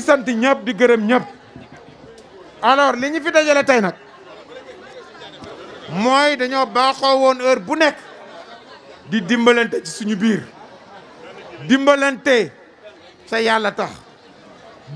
di sant ñëpp di gërëm ñëpp alors li ñu fi dajale tey nag mooy dañoo baaxoo woon heure bu nekk di dimbalante ci suñu biir dimbalante sa yàlla tax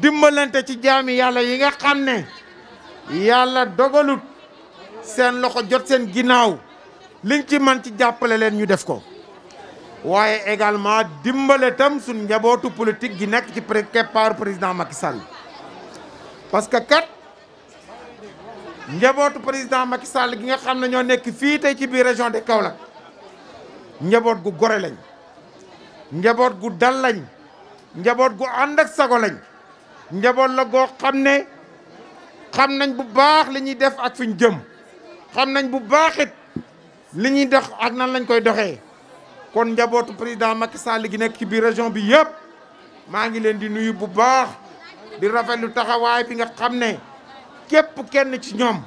dimbalante ci jaami yàlla yi nga xam ne yàlla dogalut seen loxo jot seen ginnaaw liñ ci man ci jàppale leen ñu def ko waaye également dimbale tam suñ njabootu politique gi nekk ci pare keppaaru président Macky Sall parce que kat njabootu président Macky sàll gi nga xam nañoo nekk fii tey ci biir région de Kaolack njaboot gu gore lañ njaboot gu dal lañ njaboot gu ànd ak sago lañ njaboot la goo xam ne xam nañ bu baax li ñuy def ak fi ñu jëm xam nañ bu baax li ñuy dox ak nan lañ koy doxee kon njabootu président Macky Sall gi nekk ci biir région bi yëpp maa ngi leen di nuyu bu baax di rafetlu taxawaay bi nga xam ne képp kenn ci ñoom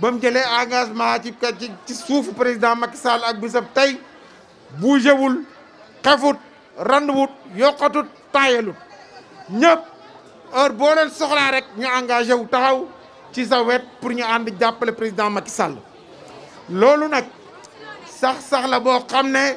ba mu jëlee engagement ci ci suufu président Macky Sall ak bisab tey bougéwul xefut randuwut yokkatut taayalut ñëpp heure boo leen soxlaa rek ñu engagé wu taxaw ci sawet wet pour ñu ànd jàppale président Macky Sall loolu nag sax sax boo xam ne.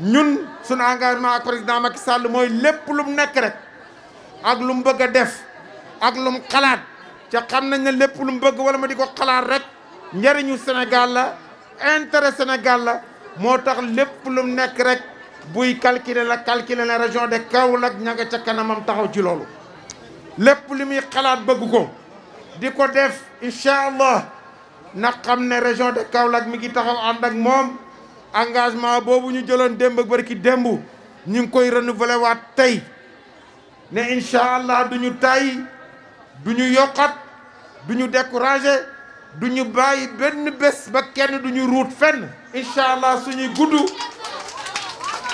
ñun suñu engagement ak président Macky Sall mooy lépp lu mu nekk rek ak lu mu bëgg a def ak lu mu xalaat ca xam nañ ne lépp lu mu bëgg wala ma di ko xalaat rek njëriñu Sénégal la intérêt Sénégal la moo tax lépp lu mu nekk rek buy calculer la calculer la région de Kaolack ña ca kanamam taxaw ci loolu lépp li muy xalaat bëggu ko di ko def incha allah na xam ne région de Kaolack mi ngi taxaw ànd ak moom engagement boobu ñu jëloon démb ak ki démb ñu ngi koy renouveler waat tey ne incha allah du ñu tàyyi du ñu yokkat du ñu décourager du ñu bàyyi benn bés ba kenn du ñu ruut fenn incha allah suñuy gudd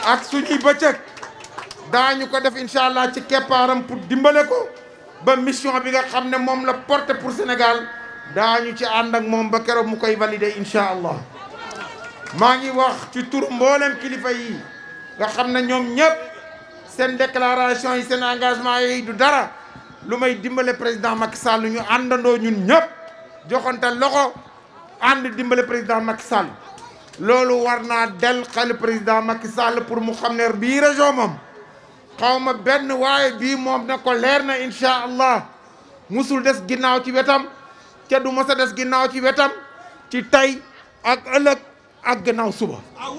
ak suñuy daa ñu ko def incha allah ci keppaaram pour dimbale ko ba mission bi nga xam ne moom la porté pour Sénégal daañu ci ànd ak moom ba keroog mu koy valider incha allah. maa ngi wax ci tur mboolem kilifa yi nga xam na ñoom ñëpp seen déclaration yi seen engagement yi du dara lu may dimbale président Macky Sall ñu àndandoo ñun ñëpp joxante loxo ànd dimbale président Macky Sall loolu war naa del xel président Macky Sall pour mu xam ne bii région moom xaw ma benn waaye bii moom na ko leer na incha allah musul des ginnaaw ci wetam te du mos des ginnaaw ci wetam ci tey ak ëllëg. ak gannaaw suba ah,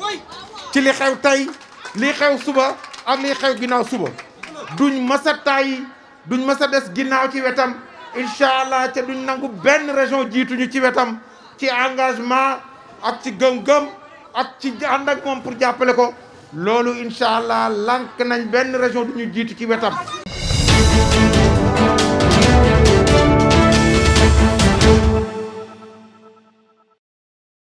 ci li xew tey li xew suba ak li xew ginnaaw suba duñ mësa tay duñ mës a des ginnaaw ci wetam incha allah te duñ nangu benn région jiituñu ci wetam ci engagement ak ci gëm-gëm ak ci ànd ak jàppale ko loolu incha allah lank nañ benn région duñu jiitu ci wetam